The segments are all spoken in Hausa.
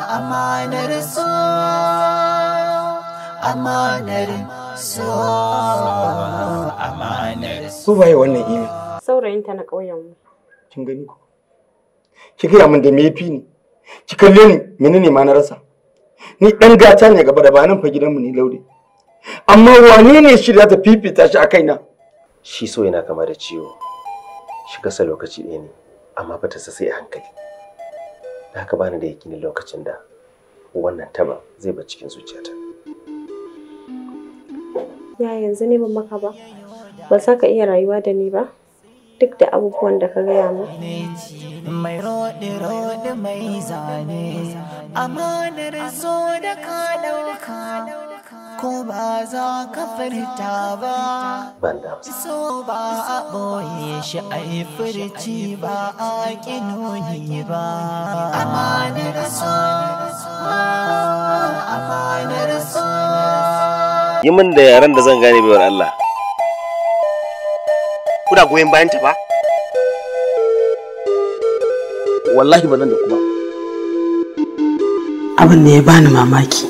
Amanar so, amanar wannan imi? Saurayinta na ƙauyenmu. Kin gani ko? Ki gaya min da me yafi ni? Ki kalle ni, menene ma na rasa? Ni ɗan gata ne gaba da banan fa gidanmu ne laure. Amma wane ne shi da ta fifita shi a kaina? Shi so yana kama da ciwo. Shi kasa lokaci ɗaya ne, amma ba ta sai a hankali. da haka bani da yakini lokacin da wannan taba zai ba cikin zuciyata ya yanzu ne ban maka ba ba sa ka iya rayuwa da ni ba duk da abubuwan da ka gaya mu mai rodi rodi mai zane amanar da ka ko ba za ka furta ba so ba a boye shi a yi furci ba a ƙinoni ba amanar so amanar so yi min da yaren da zan gane baiwar Allah kuna goyon bayan ta ba wallahi ba nan da kuma abin da ya bani mamaki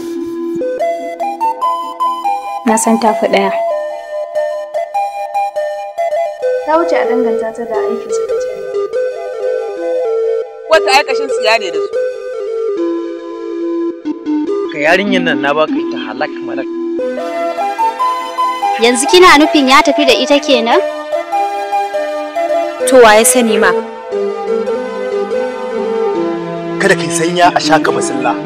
na san ta fi ɗaya. Ta wuce a danganta ta da aikin su Wata aikashin su yare da su. Ka yarinyar nan na baka ita halak malak. Yanzu kina nufin ya tafi da ita kenan? To waye sani ma. Kada kai sanya a shaka basilla.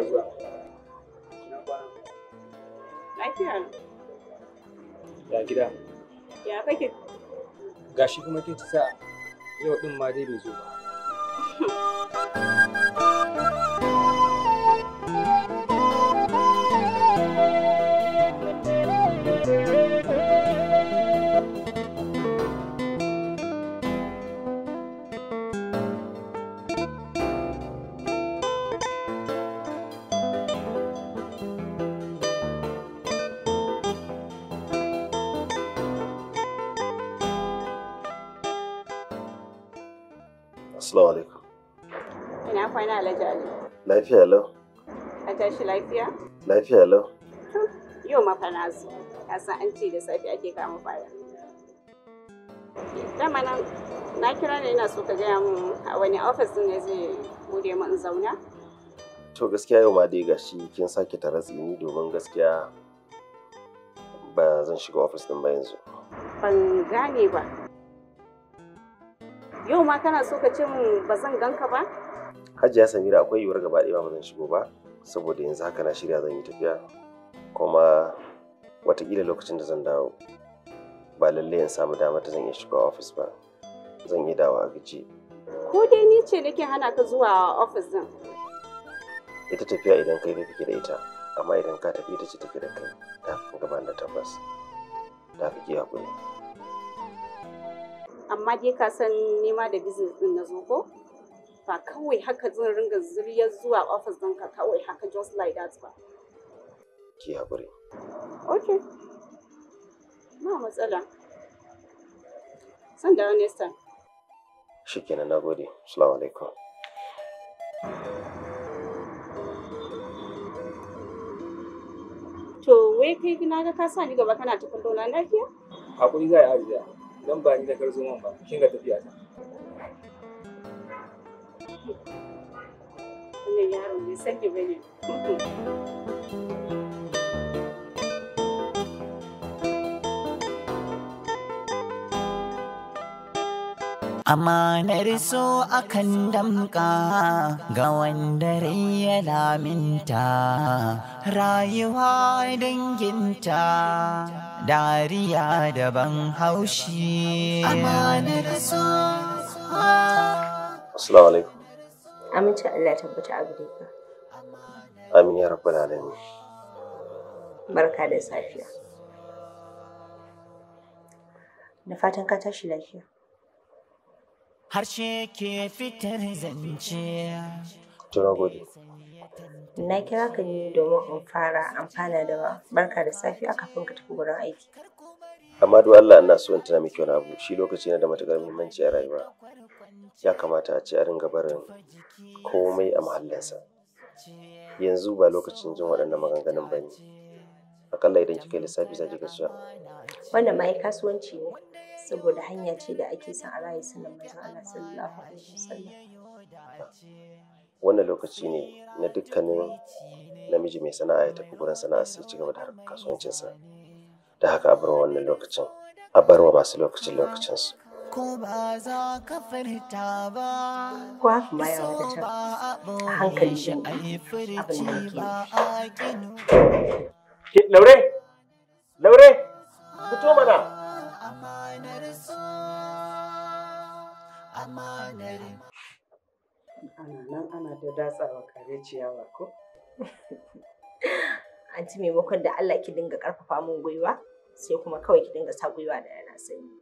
barka Gashi kuma kin sa yau din ma dai bai zo ba. Lafiya lau. A tashi lafiya? Lafiya lau. Yau mafa na zo, ka san an ce da safe ake kama fara. Dama nan na kira ne ina so ka gaya min, a wani ofis ne zai bude min zauna. To gaskiya yau ma dai gashi kin sake tare tsini domin gaskiya ba zan shiga ofis din ba yanzu. Ban gane ba. Yau ma kana so ka ce min ba zan ganka ba? hajiya samira akwai yiwuwar gaba ɗaya ba zan shigo ba saboda yanzu haka na shirya zan yi tafiya kuma watakila lokacin da zan dawo ba lalle in samu damar ta zan iya shiga ofis ba zan yi dawa a gaji ko dai ni ce nake hana ka zuwa ofis din ita tafiya idan kai ne kake da ita amma idan ka tafi ita ce take da kai ta fi gaban da tabbas ta fi ki hakuri amma dai ka san nema da business din na zo ko ba kawai haka zan ringa zuriya zuwa ofis ka kawai haka just like that ba. Ki haƙuri. Okay. Ba matsala. San da wani time. Shi kenan na gode. Assalamu alaikum. To wai kai na ga ka sa ni gaba kana tukun dona lafiya? Haƙuri za a yi Dan ba ni da karzo man ba. Kin ga tafiya ta. ciki yaro bai sani ba ne Amanar so akan damka ga wanda ya laminta rayuwa danginta dariya daban haushi. so. Ah. Assalamu alaikum. Amincin Allah tabbata a gare ka. Amin ya da alamin. Barka da safiya. Da fatan ka tashi lafiya. Harshe ke fitar zance. Tuna gode. Na kira ka ne domin in fara amfana da barka da safiya kafin ka tafi wurin aiki. amma duk Allah ina so in tana miki wani abu shi lokaci yana da matukar muhimmanci a rayuwa ya kamata a ce a ringa barin komai a mahallinsa yanzu ba lokacin jin waɗannan maganganun ba ne akalla idan kika yi lissafi za ki ga cewa wannan ma kasuwanci ne saboda hanya ce da ake son a rayu sunan manzon Allah sallallahu alaihi wasallam wannan lokaci ne na dukkanin namiji mai sana'a ya tafi gurin sana'a sai ci gaba da harkar kasuwancinsa da haka a bar wannan lokacin a bar wa masu lokacin lokacinsu ko ba za ka furta ba kuwa ma ya can a hankali shi abin da yake laure laure fito mana ana nan ana da datsawa kare ciyawa ko anti maimakon da Allah ki dinga ƙarfafa min gwiwa sai kuma kawai ki dinga sa gwiwa da yana sanyi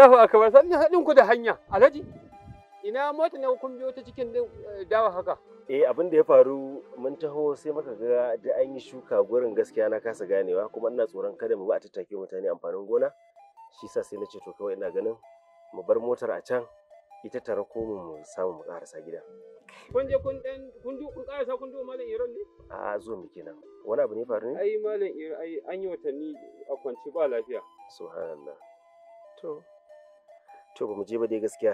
Allahu akbar sannan haɗin ku da hanya alhaji ina mota ne kun biyo ta cikin eh, dawa haka eh abin da ya faru mun taho sai muka ga da an yi shuka gurin gaskiya na kasa ganewa kuma ina tsoron kada mu ba a tattake mutane amfanin gona shi sa sai na ce to kawai ina ganin mu bar motar a can ita tare ko mu mu samu mu karasa gida kun je kun dan kun du kun karasa kun du malam iron ne a zo mu kenan wani abu ne faru ne ai malam iron ai an yi watanni a kwanci ba lafiya subhanallah to to ba mu je ba dai gaskiya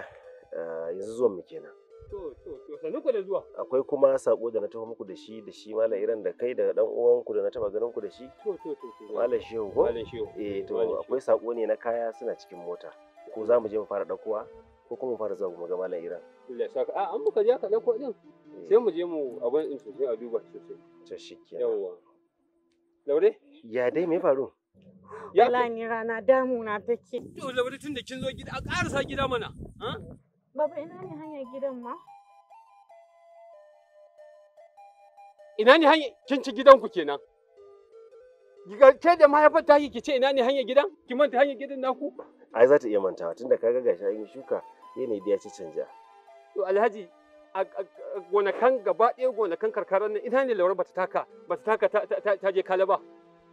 eh, yanzu zuwan mu kenan to to to ku da zuwa akwai kuma sako da na tafi muku da shi da shi malam iran da kai da dan uwan ku da na taba ganin ku da shi to to to malam shehu ko malam shehu eh to akwai sako ne na kaya suna cikin mota ko za mu je mu fara dakuwa ko kuma mu fara zuwa mu ga malam iran Allah saka a an muka je ka dako din eh. sai mu je mu abin din sosai a duba sosai to kenan yawa laure ya dai me faru Wallahi ni rana damuna take. To Laure tun da kin zo gida a ƙarasa gida mana. Baba ina ne hanyar gidan ma? Ina ne hanyar kin ci gidan ku kenan? Ke da mahaifar ta ki ce ina ne hanyar gidan? Ki manta hanyar gidan naku? Ai za ta iya mantawa tunda ga gashi an yi shuka yanayi da ya ci canja. To Alhaji a gonakan gaba ɗaya gonakan karkarar nan ina ne Laure bata taka bata taka ta je kala ba.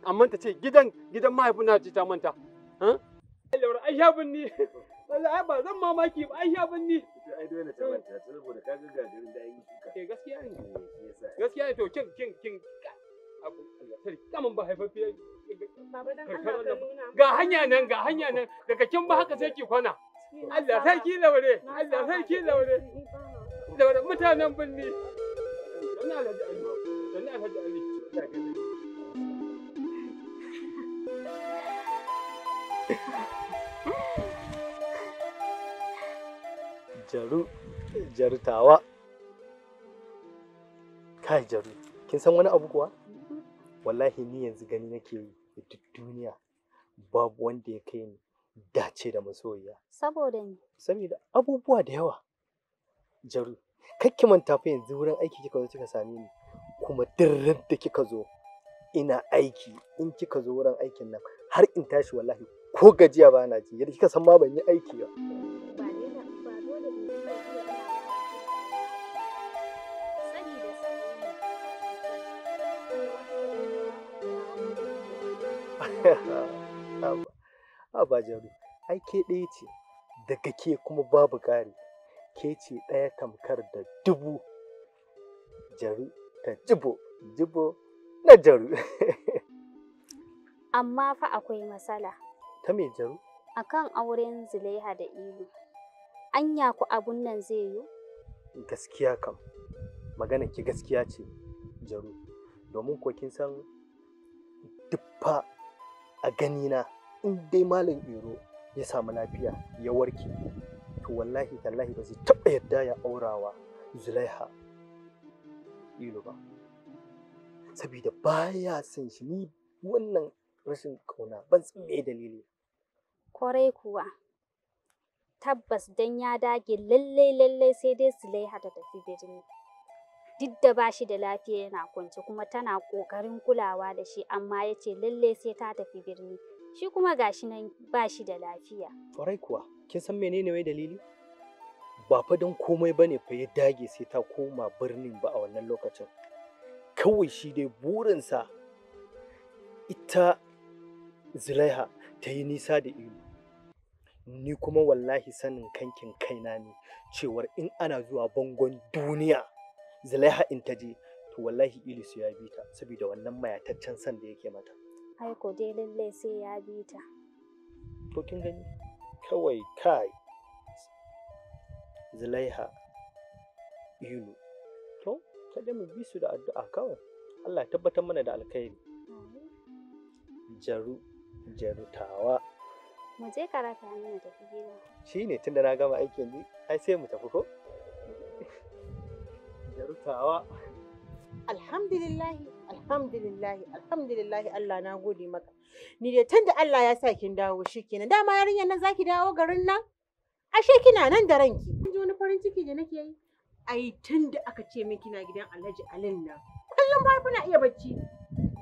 amma ta ce gidan gidan mahaifin na ce ta manta Laura ai ya binni wallahi ba zan mamaki ba ai ya binni ai dole ta manta saboda ka ga gagarin da yi shuka eh gaskiya ne eh, gaskiya ne to kin kin kin abu Allah sarki ba haifaffe ga hanya nan ga hanya nan daga kin ba haka sai ki kwana Allah sarki laure Allah sarki laure laure mutanen binni dan Alhaji Ali Allah ji Allah. jaru jarutawa kai jaru kin san wani abu kuwa wallahi ni yanzu gani nake yi duk duniya babu wanda ya kai ni dace da masoyiya saboda ni saboda abubuwa da yawa jaru kakki manta fa yanzu wurin aiki kika zo kika same ni kuma duk da kika zo ina aiki in kika zo wurin aikin nan har in tashi wallahi ko gajiya ba na ji yadda kika san ma ban yi aiki ba ba jaru, ai ke ɗaya ce, daga ke kuma babu ƙari, ke ce ɗaya tamkar da dubu jaru ta jibo, jibo na jaru. Amma fa akwai matsala. Ta mai jaru? Akan auren Zulaiha da Ilu. Anya ku abun nan zai yi? Gaskiya kam. Magana ki gaskiya ce jaru. Domin ko kin san duffa a ganina in dai malam Iro ya samu lafiya ya warke to wallahi tallahi ba zai taɓa yadda ya wa Zulaiha Ilu ba. Sabida baya son shi ni wannan rashin kauna ban san me dalili Kwarai kuwa, tabbas don ya dage lallai lallai sai dai Zulaiha ta tafi birni. Duk da ba shi da lafiya yana kwance kuma tana kokarin kulawa da shi amma ya ce lallai sai ta tafi birni. Shi kuma gashi nan ba shi da lafiya. Kwarai kuwa, kin san menene wai dalili? Ba fa don komai ba ne fa ya dage sai ta koma birnin ba a wannan lokacin. Kawai shi dai burinsa ita Zulaiha ta yi nisa da ilu. ni kuma wallahi sanin kankin kaina ne cewar in ana zuwa bangon duniya zulaiha in ta je to wallahi ilisu ya bi ta saboda wannan mayataccen san da yake mata Aiko dai lalle sai ya bi ta to kin gani kawai kai zulaiha ilu to da mu bi su da addu'a kawai Allah tabbatar mana da alkhairi jaru jarutawa Mu je karata ne mu tafi gida. Shi ne tunda na gama aiki ne, ai sai mu tafi ko? Jarutawa. Alhamdulillahi, alhamdulillahi, alhamdulillahi Allah na gode maka. Ni dai tunda Allah ya sa kin dawo shikenan. Dama yarinyar nan zaki dawo garin nan? Ashe kina nan da ranki. Kin ji wani farin ciki da nake yi? Ai tunda aka ce min kina gidan Alhaji Alin nan. Kullum ba kuna iya bacci.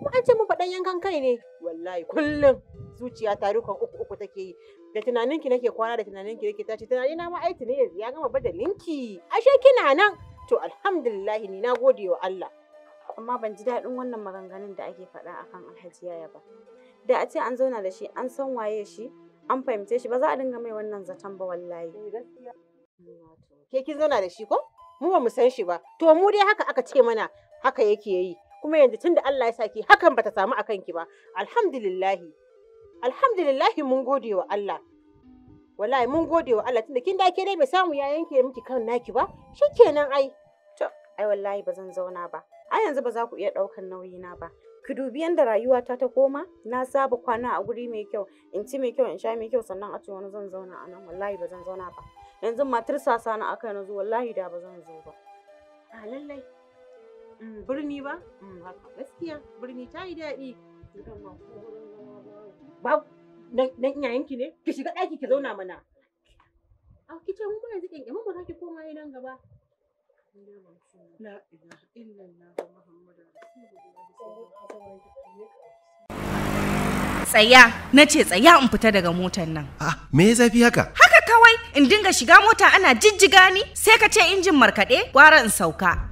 Ko an ce mu faɗan yankan kai ne. Wallahi kullum zuciya tarukan uku take yi da tunanin ki nake kwana da tunanin ki nake tashi tunani na ma ai ne ya gama da linki ashe kina nan to alhamdulillah ni na gode wa Allah amma ban ji daɗin wannan maganganun da ake faɗa akan Alhaji Yaya ba da a ce an zauna da shi an san waye shi an fahimce shi ba za a dinga mai wannan zaton ba wallahi eh, ke kin zauna da shi ko mu ba mu san shi ba to mu dai haka aka ce mana haka yake yi kuma yanzu tunda Allah ya saki hakan bata samu akan ki ba alhamdulillah. alhamdulillahi mun gode wa Allah wallahi mun gode wa Allah tunda kin da ke dai bai samu ya yanke miki kan naki ba shikenan ai to ai wallahi ba zan zauna ba ai yanzu ba za ku iya daukan nauyi na ba ki dubi yanda rayuwata ta koma na saba kwana a guri mai kyau in ci mai kyau in sha mai kyau sannan a ce wani zan zauna a nan wallahi ba zan zauna ba yanzu matar sasa na aka yanzu wallahi da ba zan zo ba a lallai mm, birni ba mm, haka gaskiya birni ta yi daɗi ba na iyayenki ne ki shiga ɗaki ki zauna mana a ki ce mu ba yanzu kyankyami mu haki koma nan gaba Tsaya, na ce tsaya in fita daga motar nan. Ah, me ya zafi haka? Haka kawai, in dinga shiga mota ana jijjiga ni, sai ka ce injin markaɗe, gwara in sauka.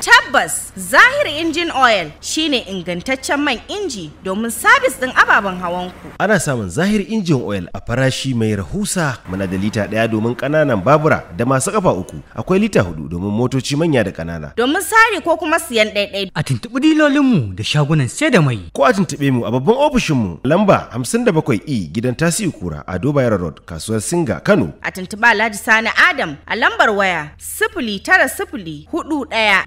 Tabbas Zahir Injin Oil shine ingantaccen man inji domin sabis ɗin ababen hawanku. Ana samun Zahir Injin Oil a farashi mai rahusa muna da lita ɗaya domin ƙananan babura da masu ƙafa uku akwai lita hudu domin motoci manya da ƙanana. Domin sari ko kuma siyan ɗaiɗai. A tuntuɓi mu da shagunan sai da mai. Ko a tuntuɓe mu a babban ofishin ofishinmu lamba hamsin 57E gidan Tasiu Kura a Dobayar Road kasuwar Singa Kano. A tuntuɓa Alhaji Sani Adam a lambar waya sifili tara sifili hudu ɗaya